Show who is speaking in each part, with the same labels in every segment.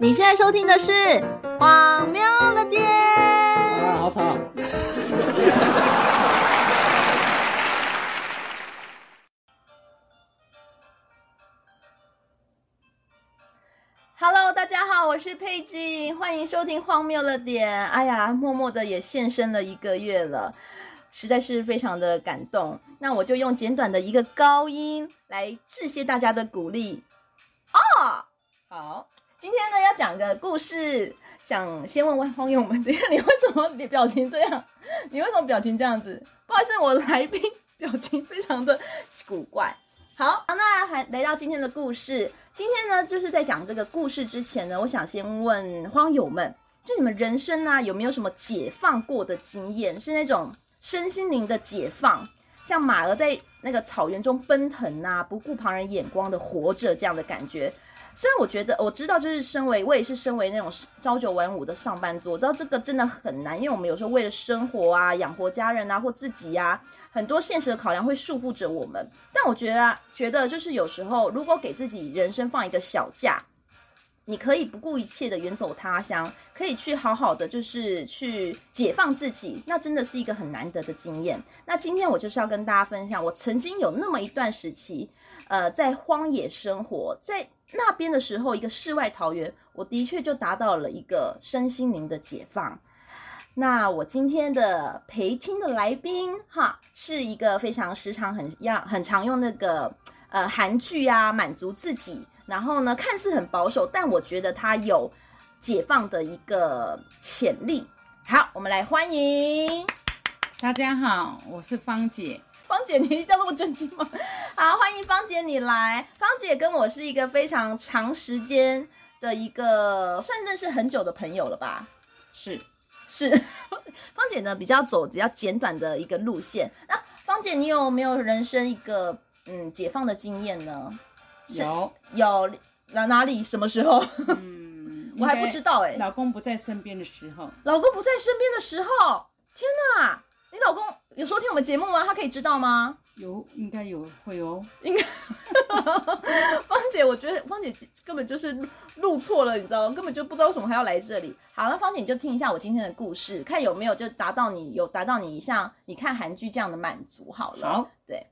Speaker 1: 你現在收聽的是荒謬了點。啊，好吵。哈嘍，大家好，我是佩奇，歡迎收聽荒謬了點。哎呀，默默的也現身了一個月了，實在是非常的感動。那我就用簡短的一個高音來致謝大家的鼓勵。哦，好。今天呢，要講個故事，想先問問荒友們，你為什麼表情這樣？你為什麼表情這樣子？不好意思，我來賓表情非常的古怪。好，那還來到今天的故事。今天呢，就是在講這個故事之前呢，我想先問荒友們，就你們人生啊，有沒有什麼解放過的經驗？是那種身心靈的解放，像馬兒在那個草原中奔騰啊，不顧旁人眼光的活着這樣的感覺。雖然我覺得我知道，就是身為我也是身為那種朝九晚五的上班族，我知道這個真的很難，因為我們有時候為了生活啊、養活家人啊或自己呀、啊，很多現實的考量會束縛着我們。但我覺得、啊，覺得就是有時候，如果給自己人生放一個小假，你可以不顧一切的遠走他鄉，可以去好好的就是去解放自己，那真的是一個很難得的經驗。那今天我就是要跟大家分享，我曾經有那麼一段時期。呃，在荒野生活在那邊的時候，一個世外桃源，我的確就達到了一個身心靈的解放。那我今天的陪聽的來賓哈，是一個非常時常很要很常用那個呃韓劇啊，滿足自己，然後呢看似很保守，但我覺得它有解放的一個潛力。好，我們來歡迎。大家好，我是芳姐。芳姐，你一定要那麼正經嗎？好，歡迎芳姐你來。芳姐跟我是一個非常長時間的一個，算認識很久的朋友了吧？是，是。芳姐呢比較走比較簡短的一個路線。那、啊、芳姐，你有沒有人生一個嗯解放的經驗呢？有。有，有哪哪裡什麼時候？嗯， 我還不知道哎、欸。老公不在身邊的時候。老公不在身邊的時候，天哪、啊，你老公有收聽我們節目嗎？他可以知道嗎？有，應該有會哦。應該，芳姐，我覺得芳姐根本就是錄錯了，你知道嗎？根本就不知道為什麼還要來這裡。好，那芳姐，你就聽一下我今天的故事，看有沒有就達到你有達到你像你看韓劇這樣的滿足。好了，好，對，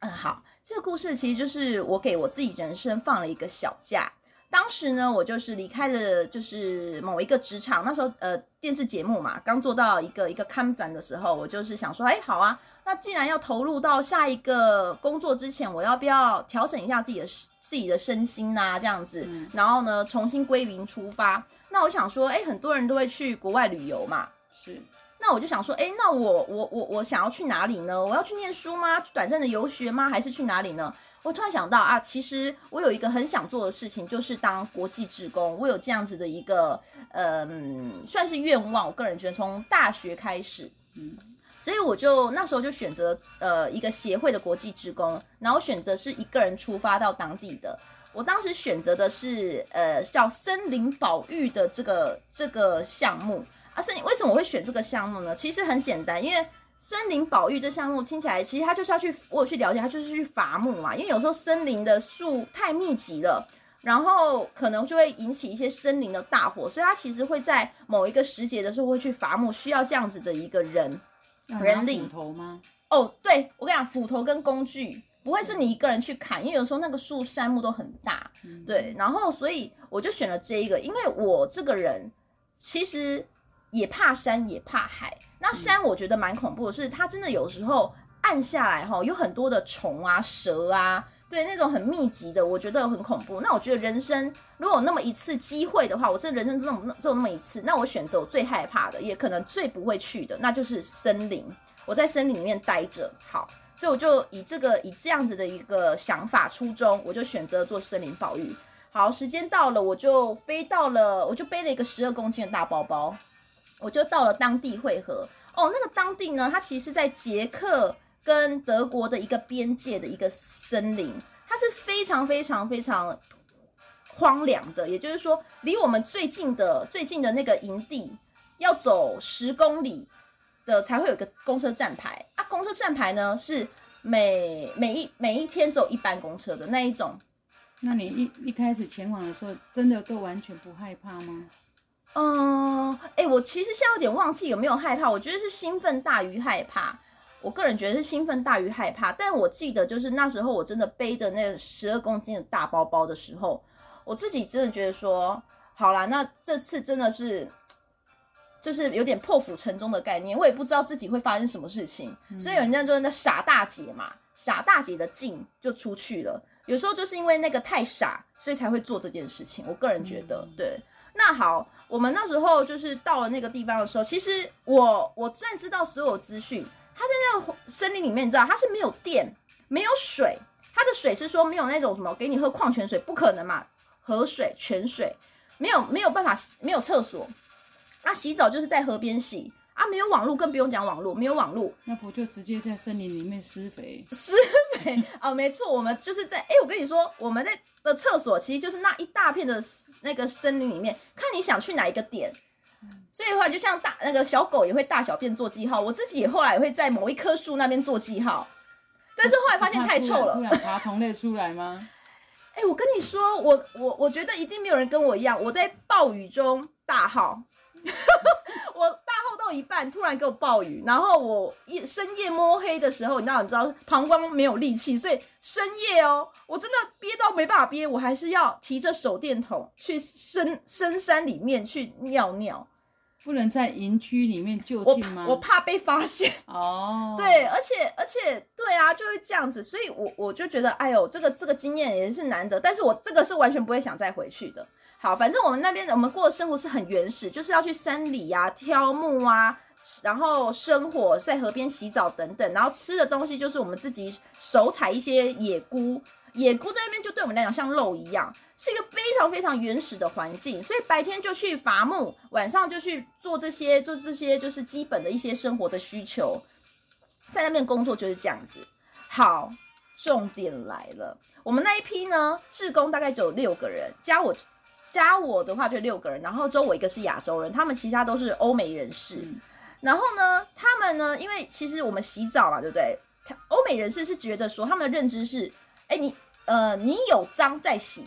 Speaker 1: 嗯，好，這個故事其實就是我給我自己人生放了一個小假。當時呢，我就是離開了，就是某一個職場。那時候，呃，電視節目嘛，剛做到一個一個坎站的時候，我就是想說，哎、欸，好啊，那既然要投入到下一個工作之前，我要不要調整一下自己的自己的身心吶、啊？這樣子，然後呢，重新歸零出發。那我想說，哎、欸，很多人都會去國外旅遊嘛，是。那我就想說，哎、欸，那我我我我想要去哪裡呢？我要去念書嗎？短暫的遊學嗎？還是去哪裡呢？我突然想到啊，其實我有一個很想做的事情，就是當國際志工。我有這樣子的一個，嗯、呃，算是願望。我個人覺得從大學開始，嗯，所以我就那時候就選擇呃一個協會的國際志工，然後選擇是一個人出發到當地的。我當時選擇的是呃叫森林保育的這個這個項目啊，森林為什麼我會選這個項目呢？其實很簡單，因為。森林保育這項目聽起來，其實它就是要去，我有去了解，它就是去伐木嘛。因為有時候森林的樹太密集了，然後可能就會引起一些森林的大火，所以它其實會在某一個時節的時候會去伐木，需要這樣子的一個人，要拿斧頭嗎？人力。哦，對，我跟你講，斧頭跟工具不會是你一個人去砍，因為有時候那個樹杉木都很大，嗯。對。然後，所以我就選了這一個，因為我這個人其實。也怕山，也怕海。那山我覺得蠻恐怖的，的，是它真的有時候暗下來哈，有很多的蟲啊、蛇啊，對那種很密集的，我覺得很恐怖。那我覺得人生如果有那麼一次機會的話，我這人生真的只有那麼一次，那我選擇我最害怕的，也可能最不會去的，那就是森林。我在森林裡面待着，好，所以我就以這個以這樣子的一個想法初衷，我就選擇做森林保育。好，時間到了，我就飛到了，我就背了一個十二公斤的大包包。我就到了當地匯合哦，那個當地呢，它其實，在捷克跟德國的一個邊界的一個森林，它是非常非常非常荒涼的。也就是說，離我們最近的最近的那個營地，要走十公里的才會有一個公車站牌啊。公車站牌呢，是每每一每一天走一班公車的那一種。那你一一開始前往的時候，真的都完全不害怕嗎？嗯，哎、uh，我其實現在有點忘記有沒有害怕，我覺得是興奮大於害怕。我個人覺得是興奮大於害怕，但我記得就是那時候我真的背着那個十二公斤的大包包的時候，我自己真的覺得說，好啦，那這次真的是，就是有點破釜沉舟的概念。我也不知道自己會發生什麼事情，嗯、所以有人這樣就在那傻大姐嘛，傻大姐的勁就出去了。有時候就是因為那個太傻，所以才會做這件事情。我個人覺得，嗯、對。那好，我們那時候就是到了那個地方的時候，其實我我算知道所有資訊。他在那個森林裡面，你知道他是沒有電、沒有水，他的水是說沒有那種什麼給你喝礦泉水，不可能嘛。河水、泉水沒有沒有辦法，沒有廁所，那、啊、洗澡就是在河邊洗。啊，沒有網路，更不用講網路，沒有網路，那不就直接在森林裡面施肥？施肥啊。哦，沒錯，我們就是在哎、 欸，我跟你說，我們在的廁所其實就是那一大片的那個森林裡面，看你想去哪一個點。所以的話，就像大那個小狗也會大小便做記號，我自己也後來也會在某一棵樹那邊做記號，但是後來發現太臭了。突然突然爬蟲類出來嗎？哎，欸，我跟你說，我我我覺得一定沒有人跟我一樣，我在暴雨中大號。 到一半突然給我暴雨，然後我夜深夜摸黑的時候，你知道，你知道膀胱沒有力氣，所以深夜哦，我真的憋到沒辦法憋，我還是要提着手電筒去深深山裡面去尿尿。不能在營區裡面就近嗎？我我怕被發現哦。 Oh. 對，而且而且，對啊，就是這樣子。所以我，我我就覺得，哎呦，這個這個經驗也是難得。但是我這個是完全不會想再回去的。好，反正我們那邊我們過的生活是很原始，就是要去山裡呀、啊、挑木啊，然後生火，在河邊洗澡等等，然後吃的東西就是我們自己手採一些野菇。野菇，在那邊就對我們來講像肉一樣，是一個非常非常原始的環境，所以白天就去伐木，晚上就去做這些做這些就是基本的一些生活的需求，在那邊工作就是這樣子。好，重點來了，我們那一批呢，志工大概只有六個人，加我加我的話就六個人，然後周圍一個是亞洲人，他們其他都是歐美人士。然後呢，他們呢，因為其實我們洗澡嘛，對不對？他歐美人士是覺得說，他們的認知是，哎、欸，你。呃，你有髒再洗，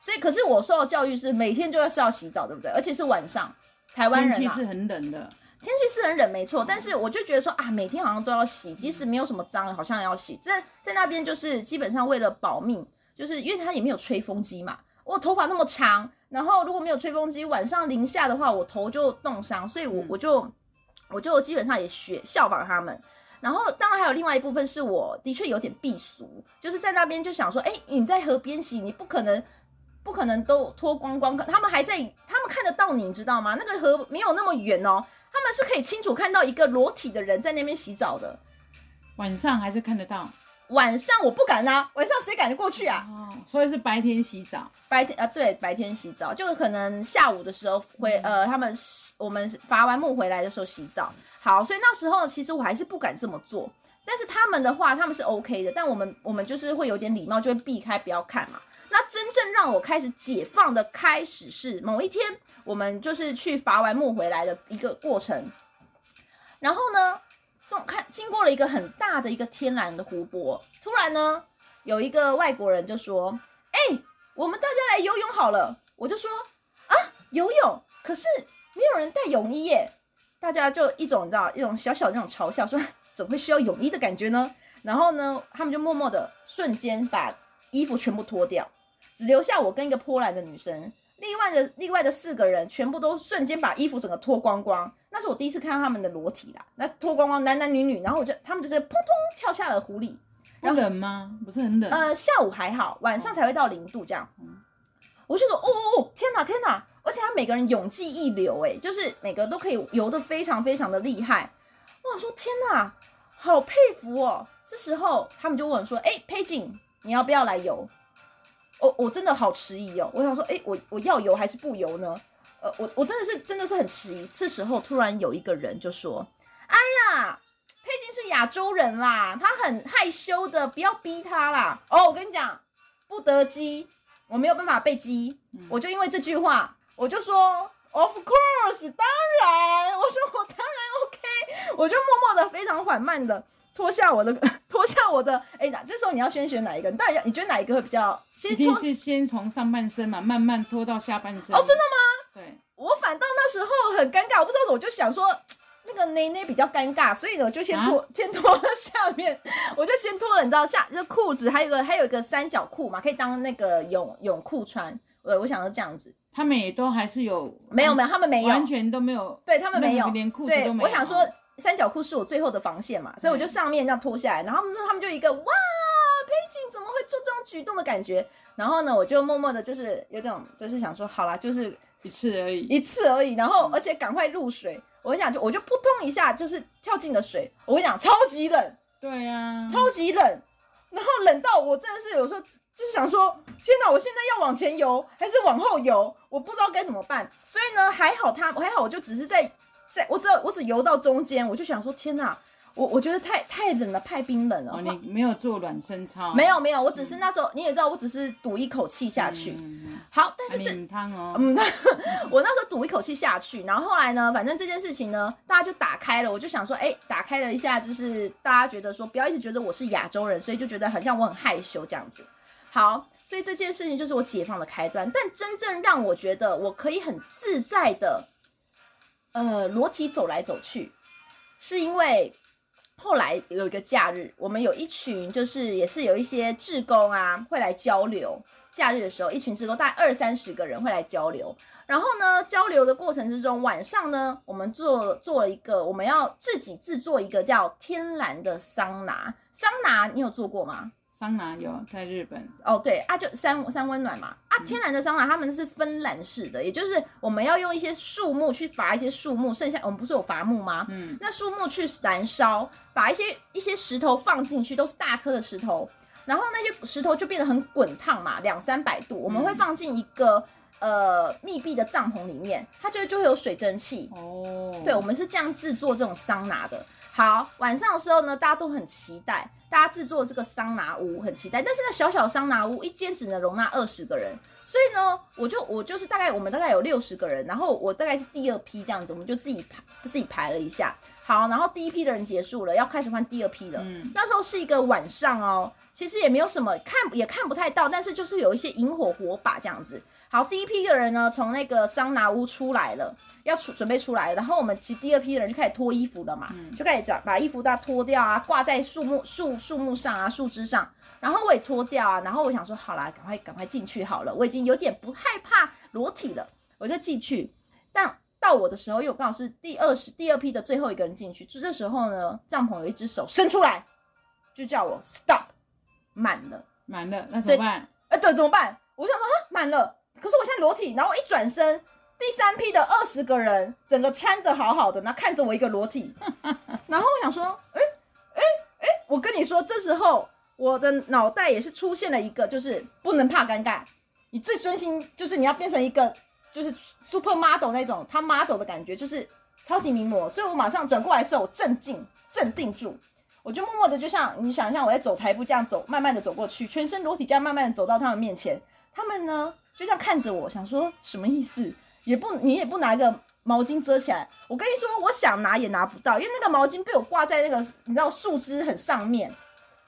Speaker 1: 所以可是我受到教育是每天就是要洗澡，對不對？而且是晚上。台灣、啊、天氣是很冷的，天氣是很冷沒，沒錯、嗯。但是我就覺得說啊，每天好像都要洗，即使沒有什麼髒，好像也要洗。在在那邊就是基本上為了保命，就是因為它也沒有吹風機嘛。我頭髮那麼長，然後如果沒有吹風機，晚上零下的話，我頭就凍傷，所以我、嗯、我就我就基本上也學效仿他們。然後，當然還有另外一部分是我的確有點閉俗，就是在那邊就想說，哎，你在河邊洗，你不可能，不可能都脫光光，可他們還在，他們看得到你，你知道嗎？那個河沒有那麼遠哦，他們是可以清楚看到一個裸體的人在那邊洗澡的。晚上還是看得到？晚上我不敢啊，晚上誰敢就過去啊？哦，所以是白天洗澡，白天啊，對，白天洗澡，就可能下午的時候回，嗯、呃，他們我們伐完木回來的時候洗澡。好，所以那時候其實我還是不敢這麼做，但是他們的話他們是 OK 的，但我們我們就是會有點禮貌，就會避開不要看嘛。那真正讓我開始解放的開始是某一天，我們就是去伐完木回來的一個過程，然後呢，就看經過了一個很大的一個天然的湖泊，突然呢有一個外國人就說：“哎、欸，我們大家來游泳好了。”我就說：“啊，游泳，可是沒有人帶泳衣耶。”大家就一種你知道一種小小的那種嘲笑，說怎麼會需要泳衣的感覺呢？然後呢，他們就默默的瞬間把衣服全部脫掉，只留下我跟一個波蘭的女生。另外的另外的四個人全部都瞬間把衣服整個脫光光。那是我第一次看到他們的裸體啦。那脫光光男男女女，然後我就他們就是噗通跳下了湖裡。然後冷嗎？不是很冷。呃，下午還好，晚上才會到零度這樣。我就說哦哦哦，天哪天哪。而且他每個人泳技一流，誒，就是每個都可以游得非常非常的厲害。我想說，天哪，好佩服哦！這時候他們就問我說：“誒、欸，佩錦，你要不要來游？”我我真的好遲疑哦，我想說：“誒、欸，我我要游還是不游呢？”呃，我我真的是真的是很遲疑。這時候突然有一個人就說：“哎呀，佩錦是亞洲人啦，他很害羞的，不要逼他啦。”哦，我跟你講，不得激，我沒有辦法被激，嗯、我就因為這句話。我就說，Of course，當然。我說我當然 OK。我就默默的，非常緩慢的脫下我的，脫下我的。哎、欸，那這時候你要先選、選哪一個？你到底要，你覺得哪一個會比較先脫？一定是先從上半身嘛，慢慢脫到下半身。哦，oh, 真的嗎？對，我反倒那時候很尷尬，我不知道怎麼，就想說那個內內比較尷尬，所以呢，我就先脫，啊、先脫下面，我就先脫了。你知道下，就褲子，還有一個還有一個三角褲嘛，可以當那個泳泳褲穿。我我想要這樣子。他們也都還是有，沒有沒有，他們沒有，完全都沒有，對他們沒有，連褲子都沒有。我想說，三角褲是我最後的防線嘛，對所以我就上面要脫下來，然後他們說他們就一個對哇，佩奇怎麼會做這種舉動的感覺，然後呢，我就默默的就是有這種就是想說，好啦，就是一次而已，一次而已，然後、嗯、而且趕快入水。我跟你講，就我就撲通一下就是跳進了水。我跟你講，超級冷，對呀、啊，超級冷，然後冷到我真的是有時候。就是想說，天哪！我現在要往前游還是往後游？我不知道該怎麼辦。所以呢，還好他，還好，我就只是在在，我只我只游到中間。我就想說，天哪！我我覺得太太冷了，太冰冷了。哦、話你沒有做暖身操、啊？沒有沒有，我只是那時候、嗯、你也知道，我只是賭一口氣下去。嗯嗯嗯、好，但是這，哦、嗯，我那時候賭一口氣下去。然後後來呢，反正這件事情呢，大家就打開了。我就想說，哎、欸，打開了一下，就是大家覺得說，不要一直覺得我是亞洲人，所以就覺得很像我很害羞這樣子。好，所以這件事情就是我解放的開端。但真正讓我覺得我可以很自在的，呃，裸體走來走去，是因為後來有一個假日，我們有一群，就是也是有一些志工啊，會來交流。假日的時候，一群志工大概二三十個人會來交流。然後呢，交流的過程之中，晚上呢，我們做做了一個，我們要自己制作一個叫天然的桑拿。桑拿你有做過嗎？桑拿有在日本哦，oh, 對啊，就三三溫暖嘛啊，嗯、天然的桑拿，他們是芬蘭式的，也就是我們要用一些樹木去伐一些樹木，剩下我們不是有伐木嗎？嗯，那樹木去燃燒，把一些一些石頭放進去，都是大顆的石頭，然後那些石頭就變得很滾燙嘛，兩三百度，我們會放進一個、嗯、呃密閉的帳篷裡面，它就就會有水蒸氣哦，oh. 對，我們是這樣製作這種桑拿的。好，晚上的時候呢，大家都很期待，大家制作這個桑拿屋，很期待。但是那小小桑拿屋一間只能容納二十個人，所以呢，我就我就是大概我們大概有六十個人，然後我大概是第二批這樣子，我們就自己排，自己排了一下。好，然後第一批的人結束了，要開始換第二批了。嗯，那時候是一個晚上哦。其實也沒有什麼看，也看不太到，但是就是有一些螢火火把這樣子。好，第一批的人呢，從那個桑拿屋出來了，要出準備出來了，然後我們其第二批的人就開始脫衣服了嘛，嗯、就開始把把衣服都要脫掉啊，掛在樹木樹樹木上啊，樹枝上，然後我也脫掉啊，然後我想說，好啦，趕快趕快進去好了，我已經有點不害怕裸體了，我就進去。但到我的時候，又剛好是第二十第二批的最後一個人進去，就這時候呢，帳篷有一只手伸出來，就叫我 stop。滿了，滿了，那怎麼辦？哎、欸，對，怎麼辦？我想說啊，滿了，可是我現在裸體，然後我一轉身，第三批的二十個人，整個穿着好好的，那看着我一個裸體，然後我想說，哎、欸，哎、欸，哎、欸，我跟你說，這時候我的腦袋也是出現了一個，就是不能怕尷尬，你自尊心就是你要變成一個就是 super model 那種他 Model 的感覺，就是超級名模，所以我馬上轉過來的時候我正，我鎮靜鎮定住。我就默默地，就像你想一下，我在走台步這樣走，慢慢地走過去，全身裸體這樣慢慢地走到他們面前。他們呢，就像看着我，想說什麼意思？也不，你也不拿一個毛巾遮起來。我跟你說，我想拿也拿不到，因為那個毛巾被我掛在那個你知道樹枝很上面。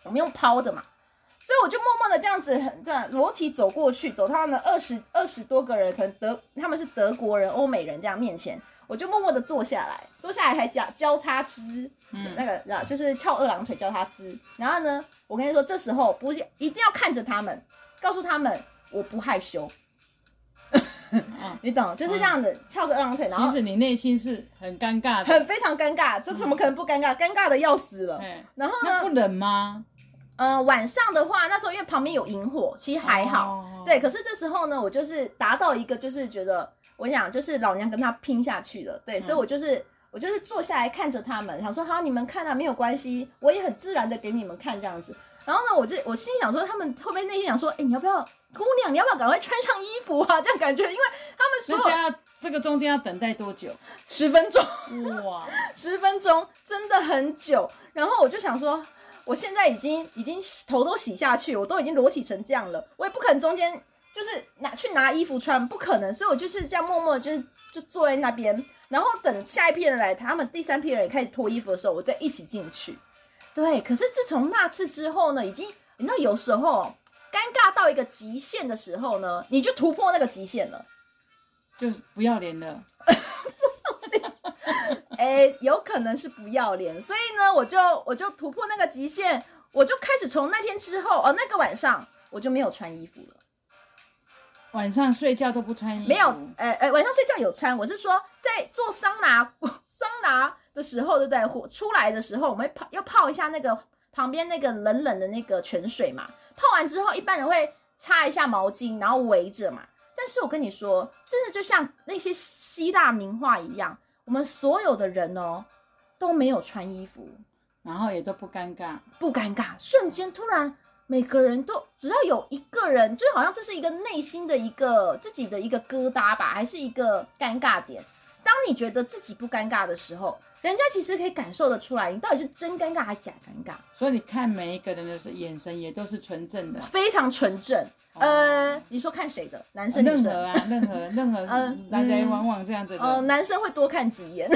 Speaker 1: 我們用拋的嘛，所以我就默默地這樣子很，這樣裸體走過去，走他們二十二十多個人，可能德他們是德國人、歐美人這樣面前。我就默默的坐下來，坐下來還交交叉支，嗯、那個就是翹二郎腿交叉支。然後呢，我跟你說，這時候不是一定要看着他們，告訴他們我不害羞。 你懂，就是這樣子翹着、嗯、二郎腿。然後其實你內心是很尷尬，的，很非常尷尬，這怎麼可能不尷尬？尷、嗯、尬的要死了。嘿然後呢？那不冷嗎？呃，晚上的話，那時候因為旁邊有營火，其實還好。哦哦哦哦對，可是這時候呢，我就是達到一個就是覺得。我想就是老娘跟他拼下去了，對，嗯、所以我就是我就是坐下來看着他們，想說好你們看啊，沒有關係，我也很自然的給你們看這樣子。然後呢，我就我心想說，他們會不會內心想說，哎、欸，你要不要姑娘，你要不要趕快穿上衣服啊？這樣感覺，因為他們說這，這個中間要等待多久？十分鐘，哇，十分鐘真的很久。然後我就想說，我現在已經已經頭都洗下去，我都已經裸體成這樣了，我也不可能中間。就是拿去拿衣服穿，不可能，所以我就是這樣默默就是就坐在那邊，然後等下一批人來，他們第三批人也開始脫衣服的時候，我再一起進去。對，可是自從那次之後呢，已經你知道有時候尷尬到一個極限的時候呢，你就突破那個極限了，就是不要臉了。哎、 欸，有可能是不要臉，所以呢，我就我就突破那個極限，我就開始從那天之後哦，那個晚上我就沒有穿衣服了。晚上睡覺都不穿衣服？沒有，呃呃，晚上睡覺有穿。我是說，在做桑拿桑拿的時候，對不對？火出來的時候，我們泡要泡一下那個旁邊那個冷冷的那個泉水嘛。泡完之後，一般人會擦一下毛巾，然後圍着嘛。但是我跟你說，真的就像那些希臘名畫一樣，我們所有的人哦都沒有穿衣服，然後也都不尷尬，不尷尬，瞬間突然。每個人都只要有一個人，就好像這是一個內心的一個自己的一個疙瘩吧，還是一個尷尬點。當你覺得自己不尷尬的時候，人家其實可以感受得出來，你到底是真尷尬還是假尷尬。所以你看每一個人的眼神也都是純正的，非常純正。哦、呃，你說看誰的？男生、哦、女生任何啊，任何任何 嗯，人，人，往往這樣子哦、嗯呃，男生會多看幾眼。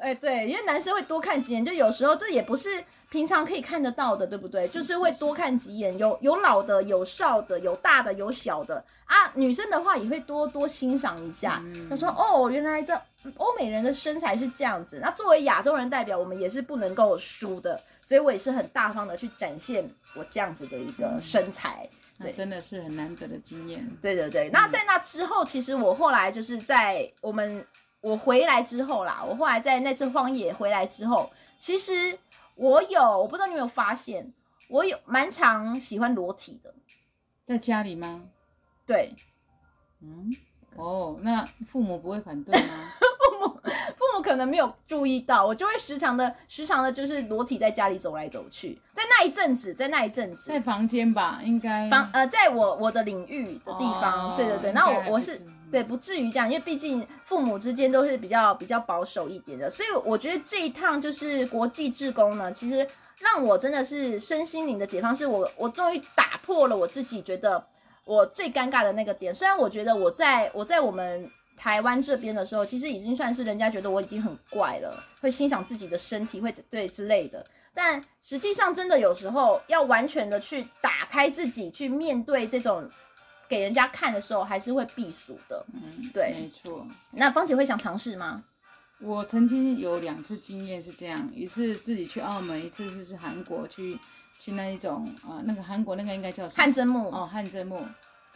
Speaker 1: 哎、 欸，對，因為男生會多看幾眼，就有時候這也不是平常可以看得到的，對不對？是是是，就是會多看幾眼，有有老的，有少的，有大的，有小的啊。女生的話也會多多欣賞一下，嗯、就說哦，原來這。歐美人的身材是這樣子，那作為亞洲人代表，我們也是不能夠輸的，所以我也是很大方的去展現我這樣子的一個身材。對，嗯、真的是很難得的經驗。對對對。嗯、那在那之後，其實我後來就是在我們我回來之後啦，我後來在那次荒野回來之後，其實我有，我不知道你有沒有發現，我有蠻常喜歡裸體的，在家裡嗎？對，嗯，哦、oh，那父母不會反對嗎？ 可能沒有注意到，我就會時常的、時常的，就是裸體在家裡走來走去。在那一陣子，在那一陣子，在房間吧，應該房呃，在我我的領域的地方，oh, 對對對。那我我是對不至於這樣，因為畢竟父母之間都是比較比較保守一點的，所以我覺得這一趟就是國際志工呢，其實讓我真的是身心靈的解放，是我我終於打破了我自己覺得我最尷尬的那個點。雖然我覺得我在我在我們。台灣這邊的時候，其實已經算是人家覺得我已經很怪了，會欣賞自己的身體，會對之類的。但實際上，真的有時候要完全的去打開自己，去面對這種給人家看的時候，還是會避暑的。嗯，對，沒錯。那芳姐會想嘗試嗎？我曾經有兩次經驗是這樣，一次自己去澳門，一次是去韓國去去那一種啊、呃，那個韓國那個應該叫汗蒸木哦，汗蒸木。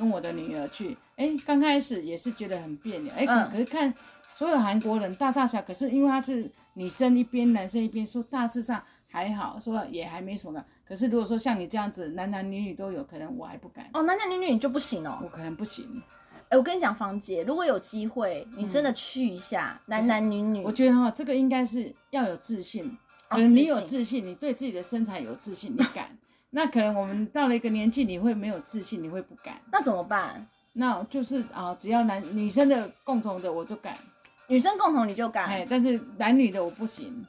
Speaker 1: 跟我的女兒去，哎、欸，剛開始也是覺得很別扭，哎、欸，可，可是看所有韓國人，大大小，可是因為他是女生一邊，男生一邊，說大致上還好，說也還沒什麼。可是如果說像你這樣子，男男女女都有，可能我還不敢。哦，男男女女你就不行哦，我可能不行。哎、欸，我跟你講，芳姐，如果有機會，你真的去一下男男女女，嗯、我覺得哈、哦，這個應該是要有自信，可是你有自信，哦、自信你對自己的身材有自信，你敢。那可能我們到了一個年紀，你會沒有自信，你會不敢。那怎麼辦？那就是啊、呃，只要男女生的共同的，我就敢；女生共同你就敢。哎、欸，但是男女的我不行，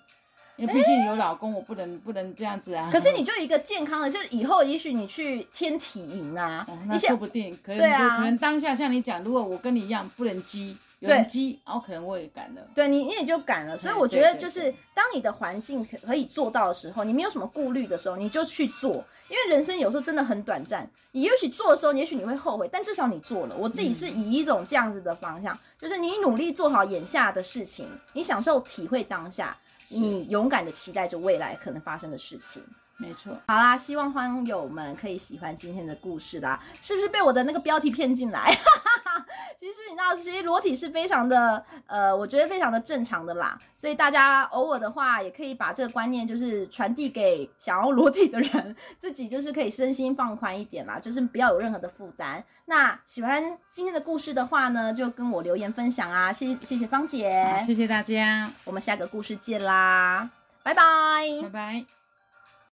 Speaker 1: 因為畢竟有老公，欸、我不能不能這樣子啊。可是你就一個健康的，我就以後也許你去天體營啊，啊，那說不定。先可你啊，可能當下像你講，如果我跟你一樣不能積。有機，對然後可能我也敢了。對你，你也就敢了。對所以我覺得，就是對對對，當你的環境可以做到的時候，你沒有什麼顧慮的時候，你就去做。因為人生有時候真的很短暫，你也許做的時候，也許你會後悔，但至少你做了。我自己是以一種這樣子的方向，嗯、就是你努力做好眼下的事情，你享受體會當下，你勇敢的期待着未來可能發生的事情。沒錯，好啦，希望芳友們可以喜歡今天的故事啦，是不是被我的那個標題騙進來？哈哈哈，其實你知道，其實裸體是非常的，呃，我覺得非常的正常的啦，所以大家偶爾的話，也可以把這個觀念就是傳遞給想要裸體的人，自己就是可以身心放寬一點啦，就是不要有任何的負擔。那喜歡今天的故事的話呢，就跟我留言分享啊，謝謝謝謝芳姐，謝謝大家，我們下個故事見啦，拜拜，拜拜。